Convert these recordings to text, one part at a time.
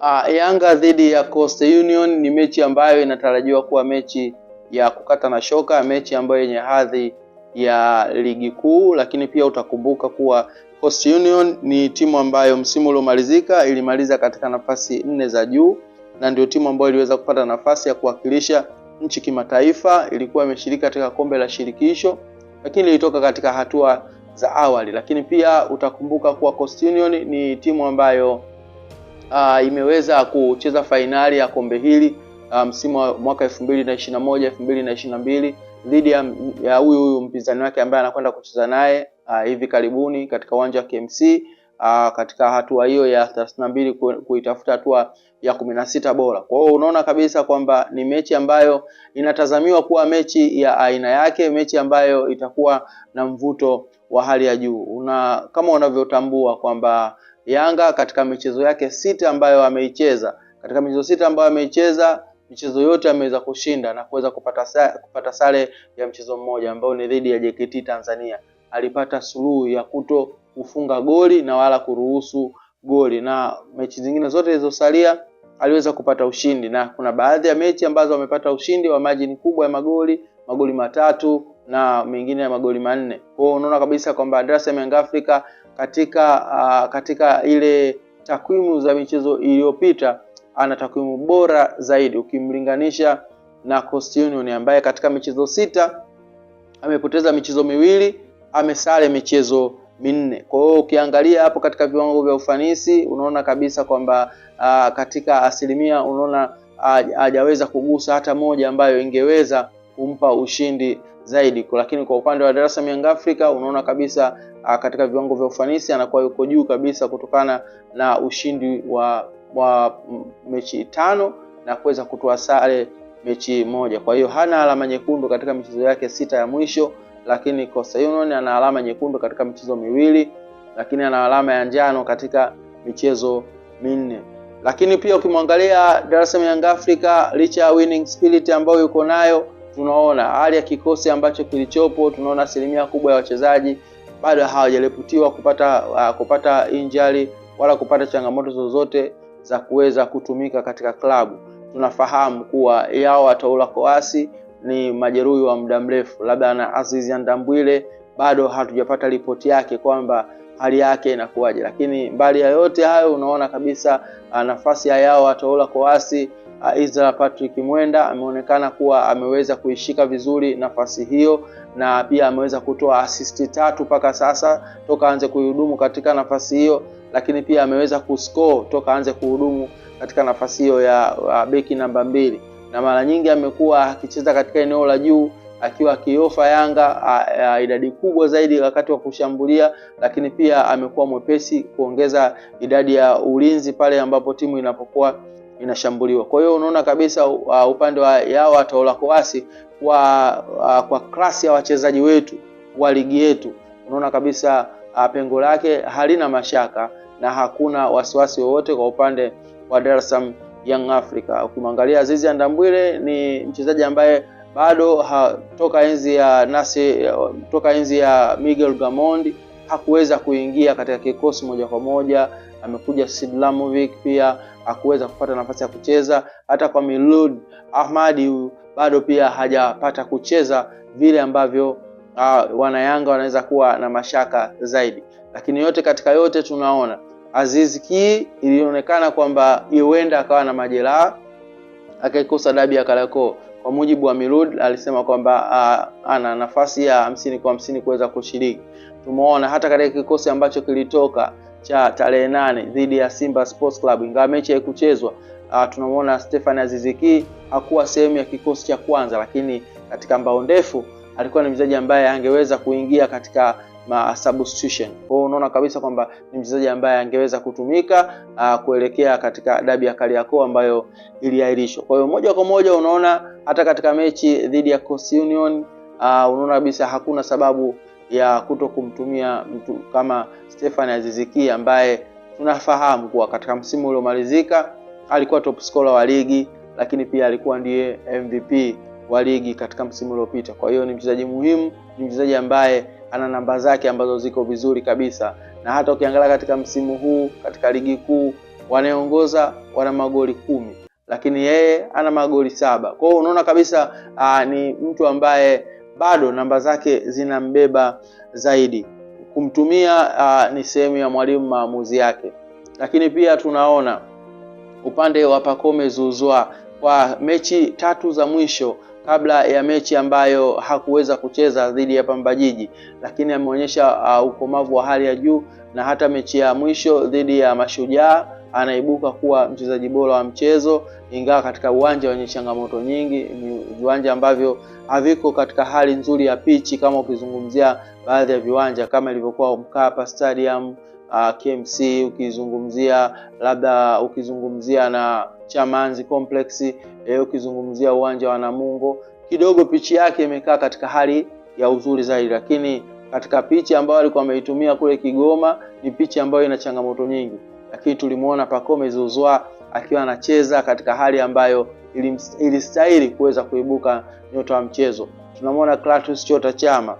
Ah, Yanga dhidi ya Coast Union ni mechi ambayo inatarajiwa kuwa mechi ya kukata na shoka, mechi ambayo yenye hadhi ya ligi kuu, lakini pia utakumbuka kuwa Coast Union ni timu ambayo msimu uliomalizika ilimaliza katika nafasi nne za juu na ndio timu ambayo iliweza kupata nafasi ya kuwakilisha nchi kimataifa. Ilikuwa imeshiriki katika kombe la shirikisho, lakini ilitoka katika hatua za awali, lakini pia utakumbuka kuwa Coast Union ni timu ambayo uh, imeweza kucheza fainali ya kombe hili ah, msimu um, wa mwaka 2021 2022 dhidi ya huyu huyu mpinzani wake ambaye anakwenda kucheza naye uh, hivi karibuni katika uwanja wa KMC aa, ah, katika hatua hiyo ya thelathini na mbili kuitafuta hatua ya kumi na sita bora. Kwa hiyo unaona kabisa kwamba ni mechi ambayo inatazamiwa kuwa mechi ya aina yake, mechi ambayo itakuwa na mvuto wa hali ya juu. Una kama unavyotambua kwamba Yanga katika michezo yake sita ambayo ameicheza, katika michezo sita ambayo ameicheza michezo yote ameweza kushinda na kuweza kupata sare, kupata sare ya mchezo mmoja ambao ni dhidi ya JKT Tanzania. Alipata suluhu ya kuto kufunga goli na wala kuruhusu goli, na mechi zingine zote zilizosalia aliweza kupata ushindi, na kuna baadhi ya mechi ambazo wamepata ushindi wa majini kubwa ya magoli, magoli matatu na mengine ya magoli manne. Kwa hiyo unaona kabisa kwamba Dar Young Africa katika uh, katika ile takwimu za michezo iliyopita ana takwimu bora zaidi ukimlinganisha na Coast Union ambaye katika michezo sita amepoteza michezo miwili, amesale michezo minne. Kwa hiyo ukiangalia hapo katika viwango vya ufanisi unaona kabisa kwamba ah, katika asilimia unaona hajaweza kugusa hata moja ambayo ingeweza kumpa ushindi zaidi, lakini kwa upande wa darasa Young Africa unaona kabisa a, ah, katika viwango vya ufanisi anakuwa yuko juu kabisa kutokana na ushindi wa, wa mechi tano na kuweza kutoa sare mechi moja. Kwa hiyo hana alama nyekundu katika michezo yake sita ya mwisho lakini Kosta Union ana alama nyekundu katika michezo miwili, lakini ana alama ya njano katika michezo minne. Lakini pia ukimwangalia Dar es Salaam Young Africa, licha ya winning spirit ambayo yuko nayo, tunaona hali ya kikosi ambacho kilichopo, tunaona asilimia kubwa ya wachezaji bado hawajareputiwa kupata uh, kupata injury wala kupata changamoto zozote za kuweza kutumika katika klabu. Tunafahamu kuwa yao wataula koasi ni majeruhi wa muda mrefu, labda na Aziz Andambwile bado hatujapata ripoti yake kwamba hali yake inakuwaje, lakini mbali ya yote hayo, unaona kabisa ah, nafasi ya yao wataola koasi ah, Israel Patrick Mwenda ameonekana kuwa ameweza kuishika vizuri nafasi hiyo na pia ameweza kutoa asisti tatu mpaka sasa toka aanze kuhudumu katika nafasi hiyo, lakini pia ameweza kuscore toka aanze kuhudumu katika nafasi hiyo ya ah, beki namba mbili na mara nyingi amekuwa akicheza katika eneo la juu akiwa akiofa Yanga a, a, idadi kubwa zaidi wakati wa kushambulia, lakini pia amekuwa mwepesi kuongeza idadi ya ulinzi pale ambapo timu inapokuwa inashambuliwa. Kwa hiyo unaona kabisa uh, upande wa Yao Ataola Kowasi kwa, uh, kwa klasi ya wachezaji wetu wa ligi yetu unaona kabisa uh, pengo lake halina mashaka na hakuna wasiwasi wowote kwa upande wa Dar es Salaam Young Africa. Ukimwangalia Azizi Andambwile ni mchezaji ambaye bado ha, toka enzi ya nasi toka enzi ya Miguel Gamondi hakuweza kuingia katika kikosi moja kwa moja. Amekuja Sidlamovic pia hakuweza kupata nafasi ya kucheza. Hata kwa Milud Ahmadi bado pia hajapata kucheza vile ambavyo uh, ah, wanayanga wanaweza kuwa na mashaka zaidi, lakini yote katika yote tunaona Azizi Ki ilionekana kwamba huenda akawa na majeraha akaikosa dabi ya Kariakoo. Kwa mujibu wa Milud alisema kwamba ana nafasi ya hamsini kwa hamsini kuweza kushiriki. Tumeona hata katika kikosi ambacho kilitoka cha tarehe nane dhidi ya Simba Sports Club, ingawa mechi haikuchezwa, tunamwona Stefan Azizi Ki hakuwa sehemu ya kikosi cha kwanza, lakini katika mbao ndefu alikuwa ni mchezaji ambaye angeweza kuingia katika ma substitution. Kwa hiyo unaona kabisa kwamba ni mchezaji ambaye angeweza kutumika uh, kuelekea katika dabi ya Kariakoo ambayo iliahirishwa. Kwa hiyo moja kwa moja unaona hata katika mechi dhidi ya Coastal Union ah, unaona kabisa hakuna sababu ya kuto kumtumia mtu kama Stefan Aziziki ambaye tunafahamu kuwa katika msimu uliomalizika alikuwa top scorer wa ligi, lakini pia alikuwa ndiye MVP wa ligi katika msimu uliopita. Kwa hiyo ni mchezaji muhimu, ni mchezaji ambaye ana namba zake ambazo ziko vizuri kabisa, na hata ukiangalia katika msimu huu katika ligi kuu wanaongoza wana magoli kumi, lakini yeye ana magoli saba. Kwa hiyo unaona kabisa aa, ni mtu ambaye bado namba zake zinambeba zaidi. Kumtumia aa, ni sehemu ya mwalimu maamuzi yake, lakini pia tunaona upande wa Pacome Zuzwa kwa mechi tatu za mwisho kabla ya mechi ambayo hakuweza kucheza dhidi ya Pamba Jiji, lakini ameonyesha uh, ukomavu wa hali ya juu na hata mechi ya mwisho dhidi ya Mashujaa anaibuka kuwa mchezaji bora wa mchezo, ingawa katika uwanja wenye changamoto nyingi, viwanja ambavyo haviko katika hali nzuri ya pichi, kama ukizungumzia baadhi ya viwanja kama ilivyokuwa Mkapa Stadium, uh, KMC, ukizungumzia labda ukizungumzia na Chamazi Complex. Eh, ukizungumzia uwanja wa Namungo kidogo pichi yake imekaa katika hali ya uzuri zaidi, lakini katika pichi ambayo alikuwa ameitumia kule Kigoma ni pichi ambayo ina changamoto nyingi, lakini tulimuona Pacome Zouzoua akiwa anacheza katika hali ambayo ilistahili kuweza kuibuka nyota wa mchezo. Tunamwona Clatous Chota Chama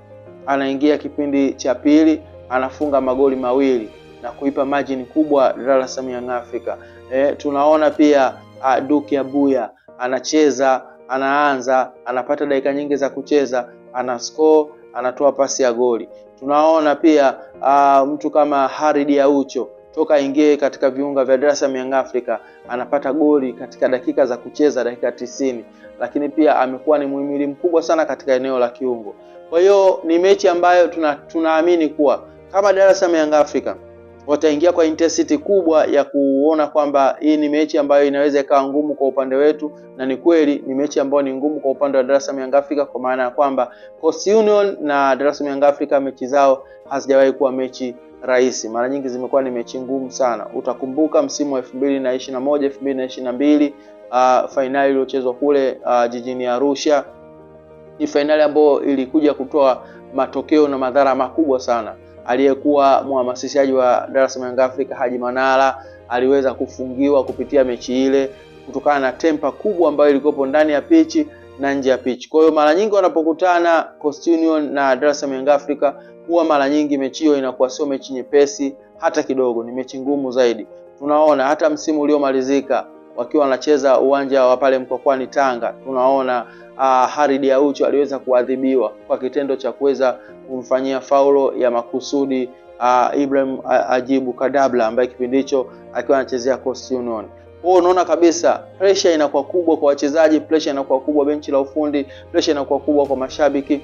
anaingia kipindi cha pili, anafunga magoli mawili na kuipa margin kubwa Dar Young Africa. E, tunaona pia a, Duke Abuya anacheza, anaanza, anapata dakika nyingi za kucheza, ana score, anatoa pasi ya goli. Tunaona pia a, mtu kama Harid Aucho toka ingie katika viunga vya Dar Young Africa anapata goli katika dakika za kucheza dakika tisini, lakini pia amekuwa ni muhimili mkubwa sana katika eneo la kiungo. Kwa hiyo ni mechi ambayo tuna, tunaamini kuwa kama Dar Young Africa wataingia kwa intensity kubwa ya kuona kwamba hii ni mechi ambayo inaweza ikawa ngumu kwa upande wetu, na ni kweli ni mechi ambayo ni ngumu kwa upande wa Dar es Salaam Young Africa, kwa maana ya kwamba Coast Union na Dar es Salaam Young Africa mechi zao hazijawahi kuwa mechi rahisi, mara nyingi zimekuwa ni mechi ngumu sana. Utakumbuka msimu wa 2021 2022, uh, fainali iliyochezwa kule uh, jijini Arusha ni fainali ambayo ilikuja kutoa matokeo na madhara makubwa sana aliyekuwa mhamasishaji wa Dar es Salaam Young Africa Haji Manara aliweza kufungiwa kupitia mechi ile kutokana na tempa kubwa ambayo ilikuwepo ndani ya pichi na nje ya pichi. Kwa hiyo mara nyingi wanapokutana Coast Union na Dar es Salaam Young Africa huwa mara nyingi mechi hiyo inakuwa sio mechi nyepesi hata kidogo, ni mechi ngumu zaidi. Tunaona hata msimu uliomalizika wakiwa wanacheza uwanja wa pale Mkwakwani Tanga, tunaona uh, ah, Khalid Aucho aliweza kuadhibiwa kwa kitendo cha kuweza kumfanyia faulo ya makusudi uh, Ibrahim uh, Ajibu Kadabla ambaye kipindi hicho akiwa anachezea Coast Union. Kwa unaona kabisa pressure inakuwa kubwa kwa wachezaji, pressure inakuwa kubwa benchi la ufundi, pressure inakuwa kubwa kwa mashabiki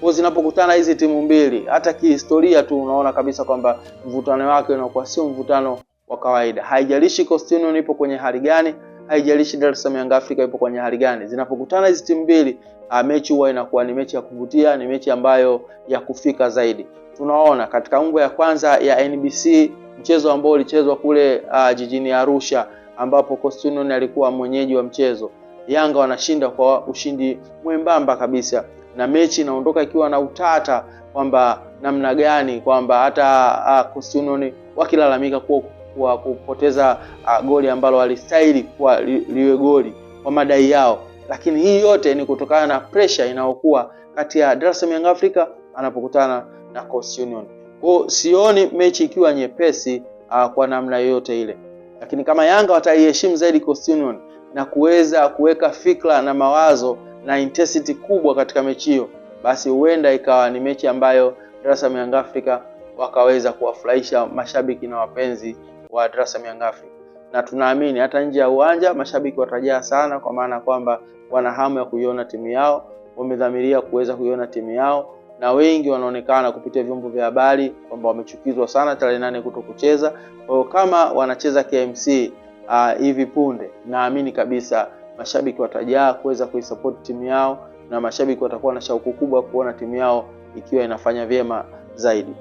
kwa zinapokutana hizi timu mbili, hata kihistoria tu unaona kabisa kwamba mvutano wake unakuwa sio mvutano wa kawaida. Haijalishi Coast Union ipo kwenye hali gani haijalishi Dar es Salaam Yanga Afrika ipo kwenye hali gani. Zinapokutana hizi timu mbili, ah, mechi huwa inakuwa ni mechi ya kuvutia, ni mechi ambayo ya kufika zaidi. Tunaona katika ungo ya kwanza ya NBC mchezo ambao ulichezwa kule uh, jijini Arusha ambapo Coastal Union alikuwa mwenyeji wa mchezo. Yanga wanashinda kwa ushindi mwembamba kabisa, na mechi inaondoka ikiwa na utata kwamba namna gani kwamba hata uh, ah, Coastal Union wakilalamika kuwa kwa kupoteza uh, goli ambalo walistahili kuwa li, liwe goli kwa madai yao, lakini hii yote ni kutokana na pressure inayokuwa kati ya Dar es Salaam Young Africa anapokutana na Coast Union. Kwa sioni mechi ikiwa nyepesi uh, kwa namna yoyote ile, lakini kama Yanga wataiheshimu zaidi Coast Union na kuweza kuweka fikra na mawazo na intensity kubwa katika mechi hiyo, basi huenda ikawa ni mechi ambayo Dar es Salaam Young Africa wakaweza kuwafurahisha mashabiki na wapenzi wa Dar Young Africa, na tunaamini hata nje ya uwanja mashabiki watajaa sana, kwa maana kwamba wana hamu ya kuiona timu yao, wamedhamiria kuweza kuiona timu yao, na wengi wanaonekana kupitia vyombo vya habari kwamba wamechukizwa sana tarehe nane kuto kucheza. Kwa hiyo kama wanacheza KMC ah, hivi uh, punde, naamini kabisa mashabiki watajaa kuweza kuisupport timu yao, na mashabiki watakuwa na shauku kubwa kuona timu yao ikiwa inafanya vyema zaidi.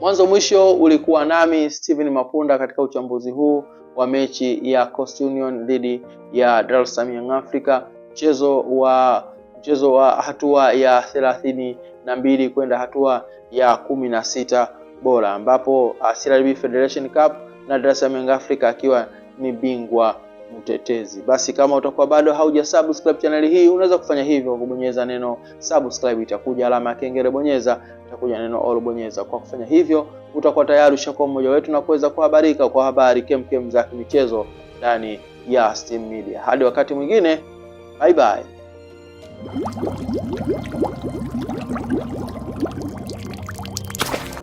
Mwanzo mwisho ulikuwa nami Steven Mapunda katika uchambuzi huu wa mechi ya Coast Union dhidi ya Dar es Salaam Young Africa, mchezo wa mchezo wa hatua ya thelathini na mbili kwenda hatua ya kumi na sita bora ambapo uh, CRDB Federation Cup na Dar es Salaam Young Africa akiwa ni bingwa mtetezi. Basi kama utakuwa bado hauja subscribe channel hii, unaweza kufanya hivyo kwa kubonyeza neno subscribe, itakuja alama ya kengele, bonyeza, itakuja neno all, bonyeza. Kwa kufanya hivyo, utakuwa tayari ushakuwa mmoja wetu na kuweza kuhabarika kwa habari kemkem za kimichezo ndani ya Steam Media. Hadi wakati mwingine, bye bye.